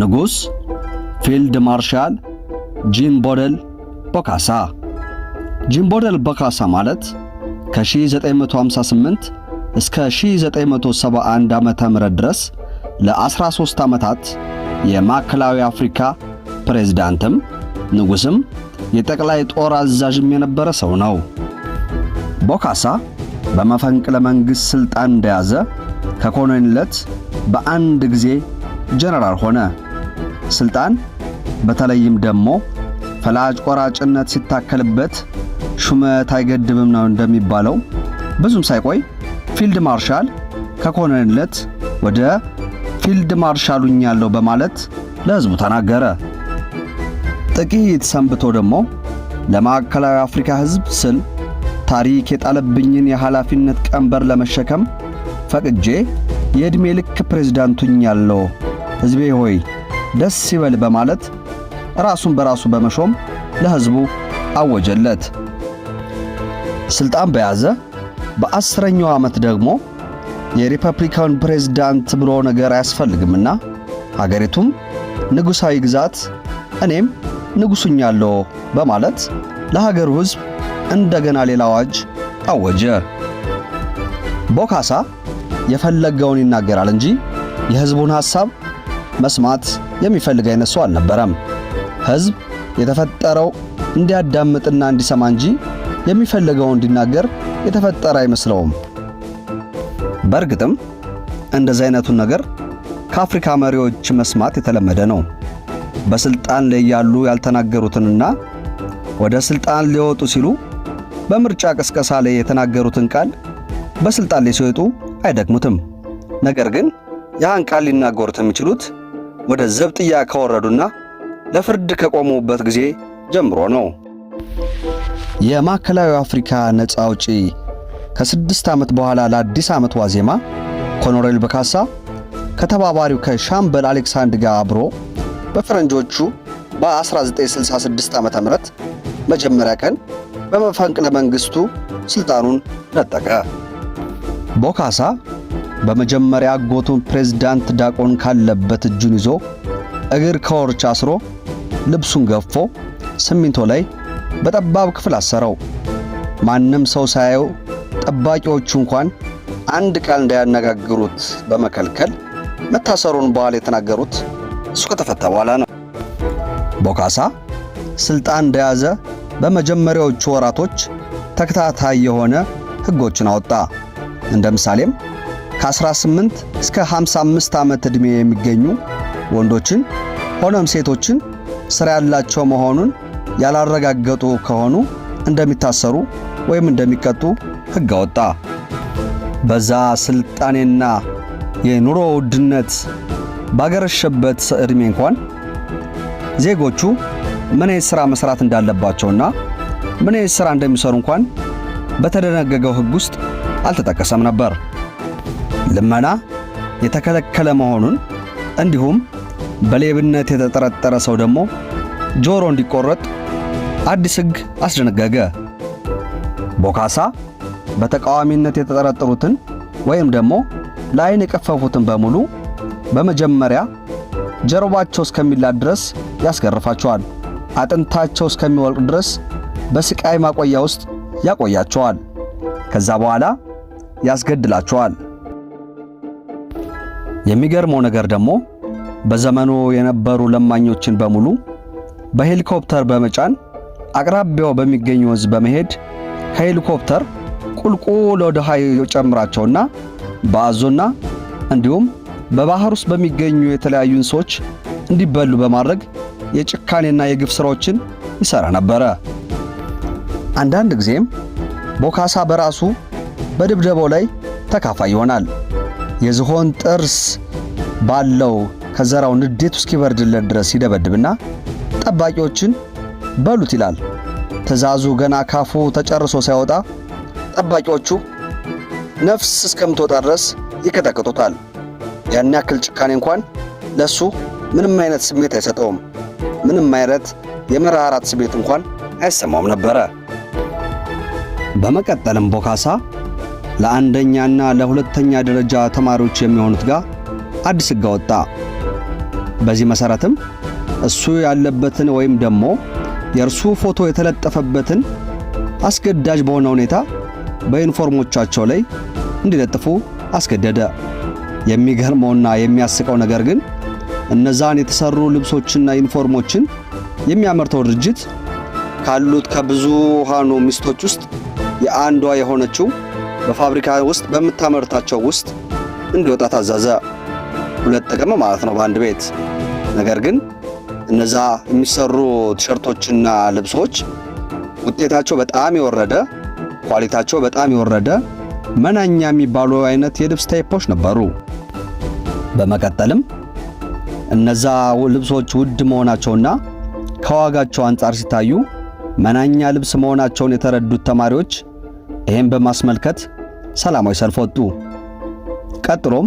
ንጉሥ ፊልድ ማርሻል ቦደል ቦካሳ። ቦደል ቦካሳ ማለት ከ1958 እስከ 1971 ዓ ም ድረስ ለ13 ዓመታት የማዕከላዊ አፍሪካ ፕሬዝዳንትም ንጉሥም የጠቅላይ ጦር አዛዥም የነበረ ሰው ነው። ቦካሳ በመፈንቅለ መንግሥት ሥልጣን እንደያዘ ከኮሎኔልነት በአንድ ጊዜ ጀነራል ሆነ። ስልጣን በተለይም ደግሞ ፈላጭ ቆራጭነት ሲታከልበት ሹመት አይገድብም ነው እንደሚባለው ብዙም ሳይቆይ ፊልድ ማርሻል ከኮነንለት ወደ ፊልድ ማርሻሉኛለሁ በማለት ለሕዝቡ ተናገረ። ጥቂት ሰንብቶ ደግሞ ለማዕከላዊ አፍሪካ ሕዝብ ስል ታሪክ የጣለብኝን የኃላፊነት ቀንበር ለመሸከም ፈቅጄ የዕድሜ ልክ ፕሬዝዳንቱኛለሁ ሕዝቤ ሆይ ደስ ይበል በማለት ራሱን በራሱ በመሾም ለሕዝቡ አወጀለት። ስልጣን በያዘ በአስረኛው ዓመት ደግሞ የሪፐብሊካን ፕሬዝዳንት ብሎ ነገር አያስፈልግምና ሀገሪቱም ንጉሣዊ ግዛት እኔም ንጉሱኛለሁ በማለት ለሀገሩ ሕዝብ እንደገና ሌላ አዋጅ አወጀ። ቦካሳ የፈለገውን ይናገራል እንጂ የሕዝቡን ሐሳብ መስማት የሚፈልግ አይነት ሰው አልነበረም። ህዝብ የተፈጠረው እንዲያዳምጥና እንዲሰማ እንጂ የሚፈልገው እንዲናገር የተፈጠረ አይመስለውም። በእርግጥም እንደዚህ አይነቱን ነገር ከአፍሪካ መሪዎች መስማት የተለመደ ነው። በስልጣን ላይ ያሉ ያልተናገሩትንና ወደ ስልጣን ሊወጡ ሲሉ በምርጫ ቅስቀሳ ላይ የተናገሩትን ቃል በስልጣን ላይ ሲወጡ አይደግሙትም። ነገር ግን ያን ቃል ሊናገሩት የሚችሉት ወደ ዘብጥያ ከወረዱና ለፍርድ ከቆሙበት ጊዜ ጀምሮ ነው። የማዕከላዊ አፍሪካ ነፃ አውጪ ከስድስት ዓመት በኋላ ለአዲስ ዓመት ዋዜማ ኮሎኔል በካሳ ከተባባሪው ከሻምበል አሌክሳንድ ጋር አብሮ በፈረንጆቹ በ1966 ዓ ም መጀመሪያ ቀን በመፈንቅለ መንግሥቱ ሥልጣኑን ነጠቀ። ቦካሳ በመጀመሪያ አጎቱን ፕሬዝዳንት ዳቆን ካለበት እጁን ይዞ እግር ከወርች አስሮ ልብሱን ገፎ ሲሚንቶ ላይ በጠባብ ክፍል አሰረው። ማንም ሰው ሳያየው ጠባቂዎቹ እንኳን አንድ ቃል እንዳያነጋግሩት በመከልከል መታሰሩን በኋላ የተናገሩት እሱ ከተፈታ በኋላ ነው። ቦካሳ ስልጣን እንደያዘ በመጀመሪያዎቹ ወራቶች ተከታታይ የሆነ ህጎችን አወጣ። እንደ ምሳሌም ከ18 እስከ 55 ዓመት ዕድሜ የሚገኙ ወንዶችን ሆነም ሴቶችን ሥራ ያላቸው መሆኑን ያላረጋገጡ ከሆኑ እንደሚታሰሩ ወይም እንደሚቀጡ ሕግ አወጣ። በዛ ስልጣኔና የኑሮ ውድነት ባገረሸበት ዕድሜ እንኳን ዜጎቹ ምን አይነት ሥራ መሥራት እንዳለባቸውና ምን አይነት ሥራ እንደሚሰሩ እንኳን በተደነገገው ሕግ ውስጥ አልተጠቀሰም ነበር። ልመና የተከለከለ መሆኑን እንዲሁም በሌብነት የተጠረጠረ ሰው ደግሞ ጆሮ እንዲቆረጥ አዲስ ሕግ አስደነገገ። ቦካሳ በተቃዋሚነት የተጠረጠሩትን ወይም ደግሞ ለዓይን የቀፈፉትን በሙሉ በመጀመሪያ ጀርባቸው እስከሚላድ ድረስ ያስገርፋቸዋል። አጥንታቸው እስከሚወልቅ ድረስ በስቃይ ማቆያ ውስጥ ያቆያቸዋል። ከዛ በኋላ ያስገድላቸዋል። የሚገርመው ነገር ደግሞ በዘመኑ የነበሩ ለማኞችን በሙሉ በሄሊኮፕተር በመጫን አቅራቢያው በሚገኝ ወንዝ በመሄድ ከሄሊኮፕተር ቁልቁል ወደ ውሃ ጨምራቸውና በአዞና እንዲሁም በባህር ውስጥ በሚገኙ የተለያዩ እንስሶች እንዲበሉ በማድረግ የጭካኔና የግፍ ስራዎችን ይሰራ ነበረ። አንዳንድ ጊዜም ቦካሳ በራሱ በድብደባው ላይ ተካፋይ ይሆናል። የዝሆን ጥርስ ባለው ከዘራው ንዴቱ እስኪበርድለት ድረስ ይደበድብና ጠባቂዎችን በሉት ይላል። ትዕዛዙ ገና ካፉ ተጨርሶ ሳይወጣ ጠባቂዎቹ ነፍስ እስከምትወጣ ድረስ ይቀጠቅጡታል። ያን ያክል ጭካኔ እንኳን ለሱ ምንም አይነት ስሜት አይሰጠውም። ምንም አይነት የመራራት ስሜት እንኳን አይሰማውም ነበረ። በመቀጠልም ቦካሳ ለአንደኛና ለሁለተኛ ደረጃ ተማሪዎች የሚሆኑት ጋር አዲስ ሕግ ወጣ። በዚህ መሰረትም እሱ ያለበትን ወይም ደግሞ የእርሱ ፎቶ የተለጠፈበትን አስገዳጅ በሆነ ሁኔታ በዩኒፎርሞቻቸው ላይ እንዲለጥፉ አስገደደ። የሚገርመውና የሚያስቀው ነገር ግን እነዛን የተሰሩ ልብሶችና ዩኒፎርሞችን የሚያመርተው ድርጅት ካሉት ከብዙሃኑ ሚስቶች ውስጥ የአንዷ የሆነችው በፋብሪካ ውስጥ በምታመርታቸው ውስጥ እንዲወጣ ታዘዘ። ሁለት ጥቅም ማለት ነው በአንድ ቤት። ነገር ግን እነዛ የሚሰሩ ቲሸርቶችና ልብሶች ውጤታቸው በጣም የወረደ ኳሊታቸው በጣም የወረደ መናኛ የሚባሉ አይነት የልብስ ታይፖች ነበሩ። በመቀጠልም እነዛ ልብሶች ውድ መሆናቸውና ከዋጋቸው አንጻር ሲታዩ መናኛ ልብስ መሆናቸውን የተረዱት ተማሪዎች ይህም በማስመልከት ሰላማዊ ሰልፍ ወጡ። ቀጥሎም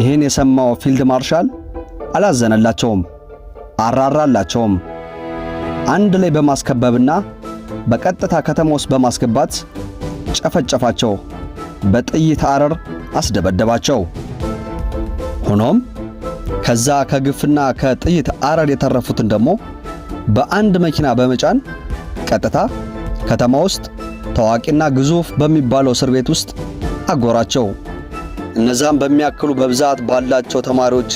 ይህን የሰማው ፊልድ ማርሻል አላዘነላቸውም፣ አራራላቸውም። አንድ ላይ በማስከበብና በቀጥታ ከተማ ውስጥ በማስገባት ጨፈጨፋቸው፣ በጥይት አረር አስደበደባቸው። ሆኖም ከዛ ከግፍና ከጥይት አረር የተረፉትን ደግሞ በአንድ መኪና በመጫን ቀጥታ ከተማ ውስጥ ታዋቂና ግዙፍ በሚባለው እስር ቤት ውስጥ አጎራቸው። እነዛም በሚያክሉ በብዛት ባላቸው ተማሪዎች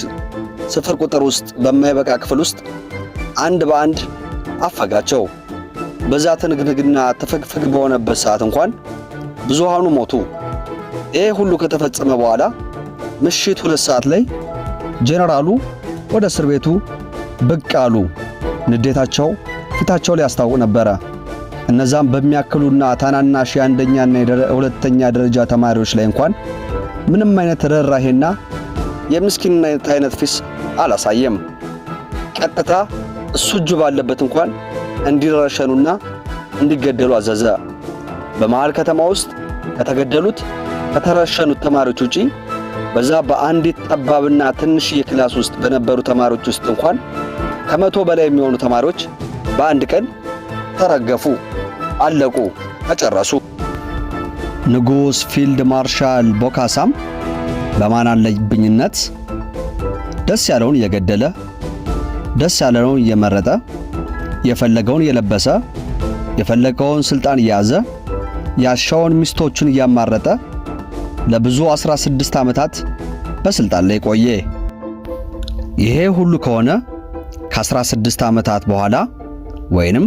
ስፍር ቁጥር ውስጥ በማይበቃ ክፍል ውስጥ አንድ በአንድ አፈጋቸው። በዛ ትንግንግና ትፍግፍግ በሆነበት ሰዓት እንኳን ብዙሃኑ ሞቱ። ይህ ሁሉ ከተፈጸመ በኋላ ምሽት ሁለት ሰዓት ላይ ጄኔራሉ ወደ እስር ቤቱ ብቅ አሉ። ንዴታቸው ፊታቸው ላይ ያስታውቅ ነበረ። እነዛም በሚያክሉና ታናናሽ የአንደኛና የሁለተኛ ደረጃ ተማሪዎች ላይ እንኳን ምንም አይነት ርኅራሄና የምስኪንነት አይነት ፊስ አላሳየም። ቀጥታ እሱ እጁ ባለበት እንኳን እንዲረሸኑና እንዲገደሉ አዘዘ። በመሃል ከተማ ውስጥ ከተገደሉት ከተረሸኑት ተማሪዎች ውጪ በዛ በአንዲት ጠባብና ትንሽዬ ክላስ ውስጥ በነበሩ ተማሪዎች ውስጥ እንኳን ከመቶ በላይ የሚሆኑ ተማሪዎች በአንድ ቀን ተረገፉ፣ አለቁ፣ ተጨረሱ። ንጉሥ ፊልድ ማርሻል ቦካሳም በማናለብኝነት ደስ ያለውን እየገደለ ደስ ያለውን እየመረጠ የፈለገውን የለበሰ የፈለገውን ስልጣን እየያዘ ያሻውን ሚስቶቹን እያማረጠ ለብዙ 16 ዓመታት በስልጣን ላይ ቆየ። ይሄ ሁሉ ከሆነ ከ16 ዓመታት በኋላ ወይንም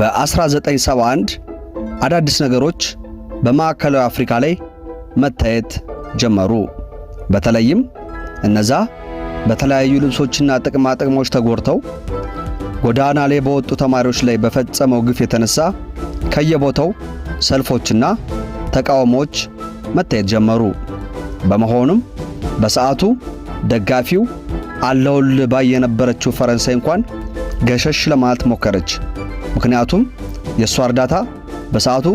በ1971 አዳዲስ ነገሮች በማዕከላዊ አፍሪካ ላይ መታየት ጀመሩ። በተለይም እነዛ በተለያዩ ልብሶችና ጥቅማ ጥቅሞች ተጎርተው ጎዳና ላይ በወጡ ተማሪዎች ላይ በፈጸመው ግፍ የተነሳ ከየቦታው ሰልፎችና ተቃውሞዎች መታየት ጀመሩ። በመሆኑም በሰዓቱ ደጋፊው አለውል ባይ የነበረችው ፈረንሳይ እንኳን ገሸሽ ለማለት ሞከረች። ምክንያቱም የእሷ እርዳታ በሰዓቱ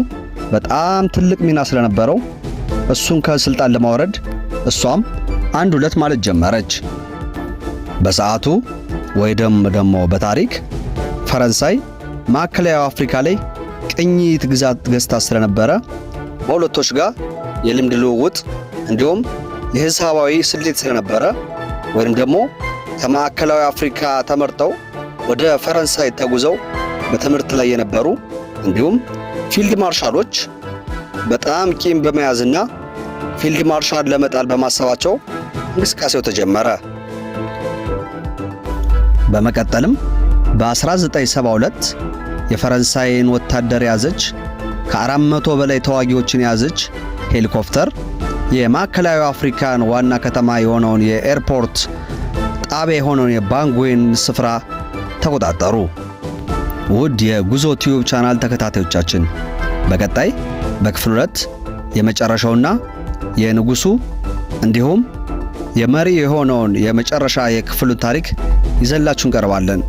በጣም ትልቅ ሚና ስለነበረው እሱን ከስልጣን ለማውረድ እሷም አንድ ሁለት ማለት ጀመረች። በሰዓቱ ወይ ደሞ በታሪክ ፈረንሳይ ማዕከላዊ አፍሪካ ላይ ቅኝት ግዛት ገዝታ ስለነበረ በሁለቶች ጋር የልምድ ልውውጥ እንዲሁም የሂሳባዊ ስሌት ስለነበረ ወይም ደግሞ ከማዕከላዊ አፍሪካ ተመርጠው ወደ ፈረንሳይ ተጉዘው በትምህርት ላይ የነበሩ እንዲሁም ፊልድ ማርሻሎች በጣም ቂም በመያዝና ፊልድ ማርሻል ለመጣል በማሰባቸው እንቅስቃሴው ተጀመረ። በመቀጠልም በ1972 የፈረንሳይን ወታደር የያዘች ከ400 በላይ ተዋጊዎችን የያዘች ሄሊኮፕተር የማዕከላዊ አፍሪካን ዋና ከተማ የሆነውን የኤርፖርት ጣቢያ የሆነውን የባንጉዌን ስፍራ ተቆጣጠሩ። ውድ የጉዞ ቲዩብ ቻናል ተከታታዮቻችን በቀጣይ በክፍል ሁለት የመጨረሻውና የንጉሱ እንዲሁም የመሪ የሆነውን የመጨረሻ የክፍሉ ታሪክ ይዘላችሁ እንቀርባለን።